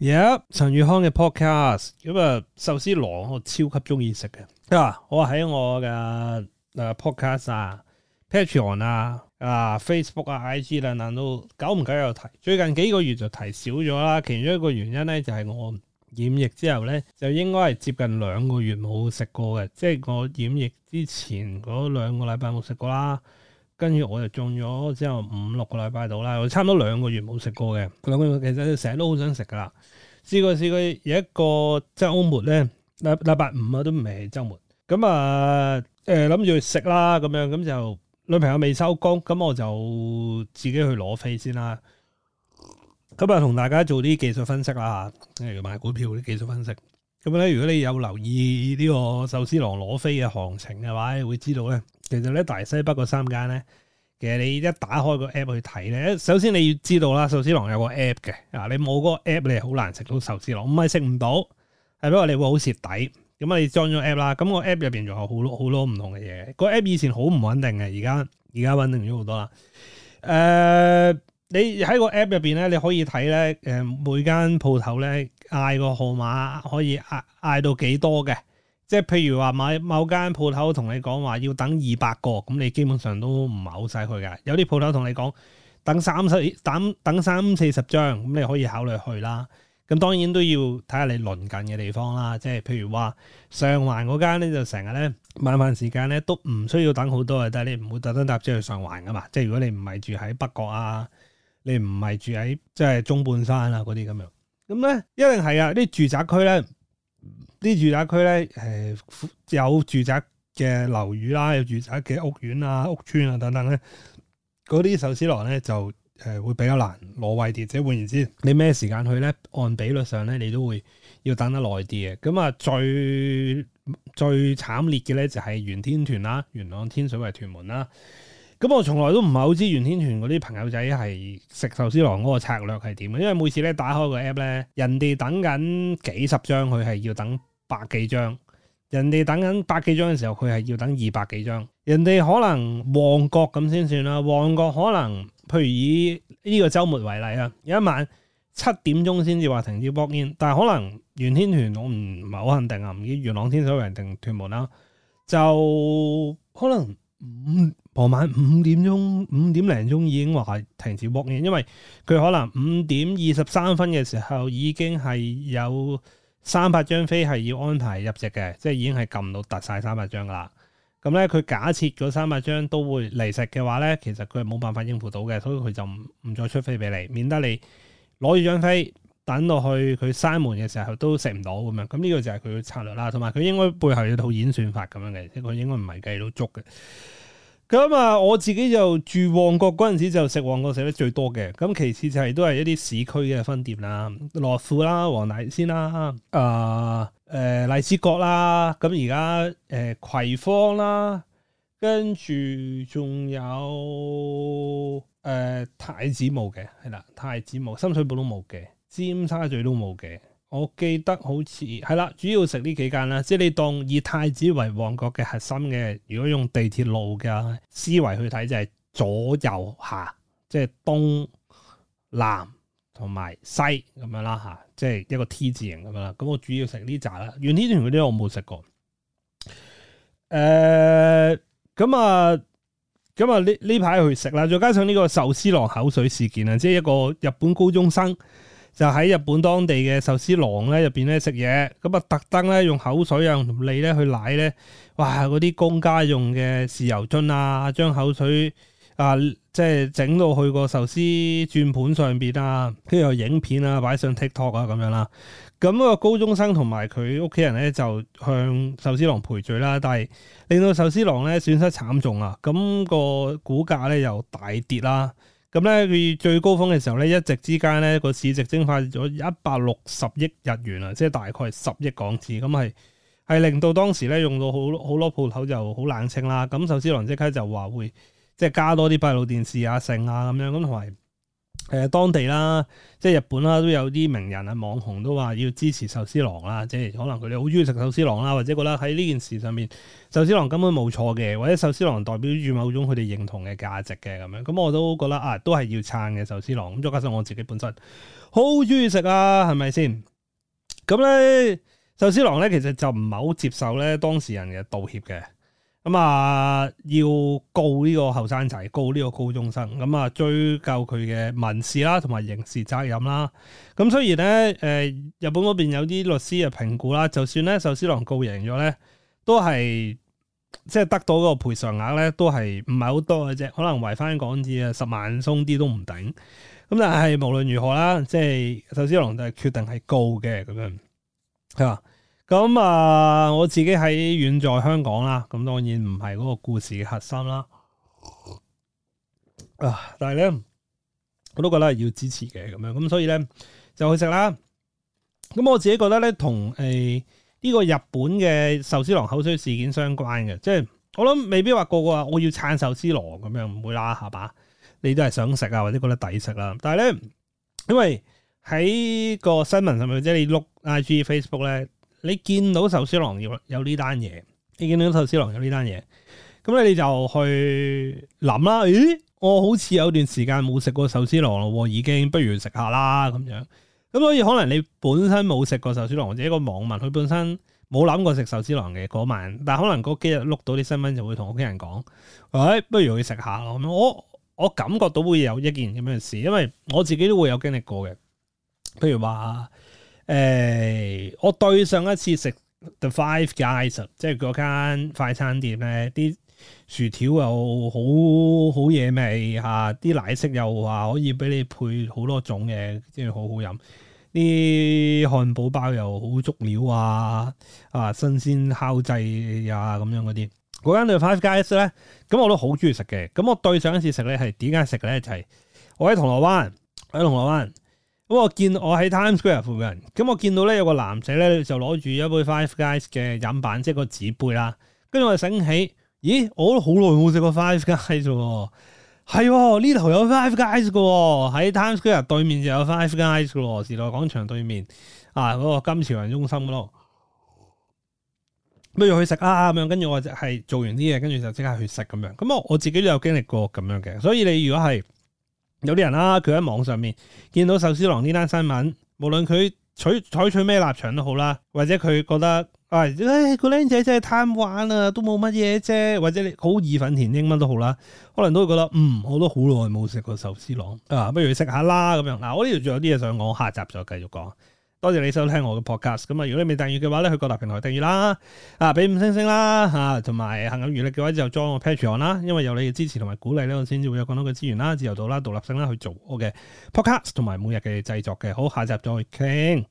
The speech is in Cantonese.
耶！陳宇、yeah，康嘅 podcast 咁啊，壽司郎我超級中意食嘅。啊，我喺我嘅誒 podcast 啊、Patreon 啊、啊 Facebook 啊、IG 啊，難道久唔久有提，最近幾個月就提少咗啦。其中一個原因咧，就係、是、我染疫之後咧，就應該係接近兩個月冇食過嘅，即係我染疫之前嗰兩個禮拜冇食過啦。跟住我就中咗之後五六個禮拜度啦，我差唔多兩個月冇食過嘅，兩個月其實成日都好想食噶啦。試過試過，有一個即係周末咧，禮禮拜五啊都唔係周末，咁啊誒諗住去食啦，咁樣咁就女朋友未收工，咁我就自己去攞飛先啦。咁就同大家做啲技術分析啦，誒，買股票啲技術分析。咁咧，如果你有留意呢個壽司郎攞飛嘅行情嘅話，你會知道咧，其實咧大西北嗰三間咧，其實你一打開個 app 去睇咧，首先你要知道啦，壽司郎有個 app 嘅啊，你冇嗰個 app 你係好難食到壽司郎，唔係食唔到，係因為你會好蝕底。咁啊，你裝咗 app 啦，咁個 app 入邊仲有好多好多唔同嘅嘢。個 app 以前好唔穩定嘅，而家而家穩定咗好多啦。誒、呃。你喺個 app 入邊咧，你可以睇咧，誒，每間鋪頭咧嗌，個號碼可以嗌嗌到幾多嘅，即係譬如話，買某間鋪頭同你講話要等二百個，咁你基本上都唔係好使去嘅。有啲鋪頭同你講等三十等等三四十張，咁你可以考慮去啦。咁當然都要睇下你鄰近嘅地方啦，即係譬如話上環嗰間咧，就成日咧晚飯時間咧都唔需要等好多嘅，但係你唔會特登搭車去上環噶嘛。即係如果你唔係住喺北角啊。你唔係住喺即係中半山啊嗰啲咁樣，咁咧一定係啊，啲住宅區咧，啲住宅區咧，誒有住宅嘅樓宇啦，有住宅嘅屋苑啊、屋村啊等等咧，嗰啲壽司郎咧就誒、呃、會比較難攞位，或者換言之，你咩時間去咧，按比率上咧，你都會要等得耐啲嘅。咁啊，最最慘烈嘅咧就係元天團啦，元朗天水圍屯門啦。咁我從來都唔係好知元天屯嗰啲朋友仔係食壽司郎嗰個策略係點啊？因為每次咧打開個 app 咧，人哋等緊幾十張，佢係要等百幾張；人哋等緊百幾張嘅時候，佢係要等二百幾張。人哋可能旺角咁先算啦，旺角可能譬如以呢個週末為例啊，有一晚七點鐘先至話停止 book in，但係可能元天屯我唔係好肯定啊，唔知元朗天水圍定屯門啦，就可能。五傍晚五點鐘五點零鐘已經話停止 book 嘅 in，因為佢可能五點二十三分嘅時候已經係有三百張飛係要安排入席嘅，即係已經係撳到突晒三百張啦。咁咧，佢假設嗰三百張都會嚟食嘅話咧，其實佢係冇辦法應付到嘅，所以佢就唔唔再出飛俾你，免得你攞住張飛。等落去佢閂門嘅時候都食唔到咁樣，咁呢個就係佢嘅策略啦。同埋佢應該背後有套演算法咁樣嘅，佢應該唔係計到足嘅。咁啊，我自己就住旺角嗰陣時就食旺角食得最多嘅。咁其次就係、是、都係一啲市區嘅分店啦，樂富啦、黃大仙啦、啊、呃、誒荔枝角啦。咁而家誒葵芳啦，跟住仲有誒、呃、太子冇嘅，係啦，太子冇深水埗都冇嘅。尖沙咀都冇嘅，我記得好似係啦，主要食呢幾間啦，即係你當以太子為旺角嘅核心嘅。如果用地鐵路嘅思維去睇，就係左右下，即係東南同埋西咁樣啦吓，即係一個 T 字形咁樣啦。咁我主要食呢扎啦，原天團嗰啲我冇食過。誒、呃，咁啊，咁啊呢呢排去食啦，再加上呢個壽司郎口水事件啊，即係一個日本高中生。就喺日本當地嘅壽司郎咧入邊咧食嘢，咁啊特登咧用口水啊同脷咧去舐咧，哇！嗰啲公家用嘅豉油樽啊，將口水啊即係整到去個壽司轉盤上邊啊，跟住有影片啊擺上 TikTok 啊咁樣啦。咁個高中生同埋佢屋企人咧就向壽司郎賠罪啦，但係令到壽司郎咧損失慘重啊，咁個股價咧又大跌啦。咁咧佢最高峰嘅時候咧，一夕之間咧個市值蒸發咗一百六十億日元啊，即係大概十億港紙，咁係係令到當時咧用到好多好多鋪頭就好冷清啦。咁壽司郎即刻就話會即係加多啲閉路電視啊、盛啊咁樣，咁同埋。誒當地啦，即係日本啦，都有啲名人啊、網紅都話要支持壽司郎啦，即係可能佢哋好中意食壽司郎啦，或者覺得喺呢件事上面壽司郎根本冇錯嘅，或者壽司郎代表住某種佢哋認同嘅價值嘅咁樣，咁我都覺得啊，都係要撐嘅壽司郎。咁再加上我自己本身好中意食啊，係咪先？咁咧壽司郎咧，其實就唔係好接受咧當事人嘅道歉嘅。咁啊，要告呢個後生仔，告呢個高中生，咁啊追究佢嘅民事啦，同埋刑事責任啦。咁雖然咧，誒，日本嗰邊有啲律師嘅評估啦，就算咧壽司郎告贏咗咧，都係即係得到嗰個賠償額咧，都係唔係好多嘅啫，可能圍返港紙啊十萬鬆啲都唔頂。咁但係無論如何啦，即係壽司郎就係決定係告嘅咁樣，吓。咁啊、嗯，我自己喺遠在香港啦，咁當然唔係嗰個故事嘅核心啦。啊，但係咧，我都覺得係要支持嘅咁樣，咁所以咧就去食啦。咁、嗯、我自己覺得咧，同誒呢個日本嘅壽司郎口水事件相關嘅，即係我諗未必話個個話我要撐壽司郎咁樣，唔會啦，係嘛？你都係想食啊，或者覺得抵食啦，啊。但係咧，因為喺個新聞上面，即係你碌 IG Facebook 咧。你見到壽司郎有有呢單嘢，你見到壽司郎有呢單嘢，咁咧你就去諗啦。咦、欸，我好似有段時間冇食過壽司郎咯，已經不如去食下啦咁樣。咁所以可能你本身冇食過壽司郎，或者個網民佢本身冇諗過食壽司郎嘅嗰晚，但可能嗰幾日碌到啲新聞就會同屋企人講：誒、欸，不如去食下咯。咁樣我我感覺到會有一件咁樣嘅事，因為我自己都會有經歷過嘅。譬如話。誒、哎，我對上一次食 The Five Guys，即係嗰間快餐店咧，啲薯條又好好嘢味嚇，啲、啊、奶昔又話、啊、可以俾你配好多種嘅，即係好好飲。啲漢堡包又好足料啊，啊新鮮烤製啊咁樣嗰啲，嗰間 The Five Guys 咧，咁我都好中意食嘅。咁我對上一次食咧係點解食咧？就係、是、我喺銅鑼灣，喺銅鑼灣。咁我見我喺 Times Square 附近，咁我見到咧有個男仔咧就攞住一杯 Five Guys 嘅飲品，即係個紙杯啦。跟住我醒起，咦，我都好耐冇食過 Five Guys 啦、哦。係呢度有 Five Guys 嘅喺、哦、Times Square 對面就有 Five Guys 嘅咯、哦，時代廣場對面啊，嗰、那個金橋中心咯。不如去食啦、啊，咁樣，跟住我就係做完啲嘢，跟住就即刻去食咁樣。咁我我自己都有經歷過咁樣嘅，所以你如果係。有啲人啦，佢喺網上面見到壽司郎呢單新聞，無論佢取採取咩立場都好啦，或者佢覺得唉，誒個僆仔真係貪玩啊，都冇乜嘢啫，或者你好義憤填膺都好啦，可能都會覺得嗯，我都好耐冇食過壽司郎啊，不如食下啦咁樣。嗱、啊，我呢度仲有啲嘢想講，下集再繼續講。多謝你收聽我嘅 podcast，咁啊，如果你未訂閱嘅話咧，去各大平台訂閱啦，啊，俾五星星啦，吓、啊，同埋行有餘力嘅話就裝個 Patreon 啦，因為有你嘅支持同埋鼓勵咧，我先至會有更多嘅資源啦、自由度啦、獨立性啦去做我嘅 podcast 同埋每日嘅製作嘅，好，下集再傾。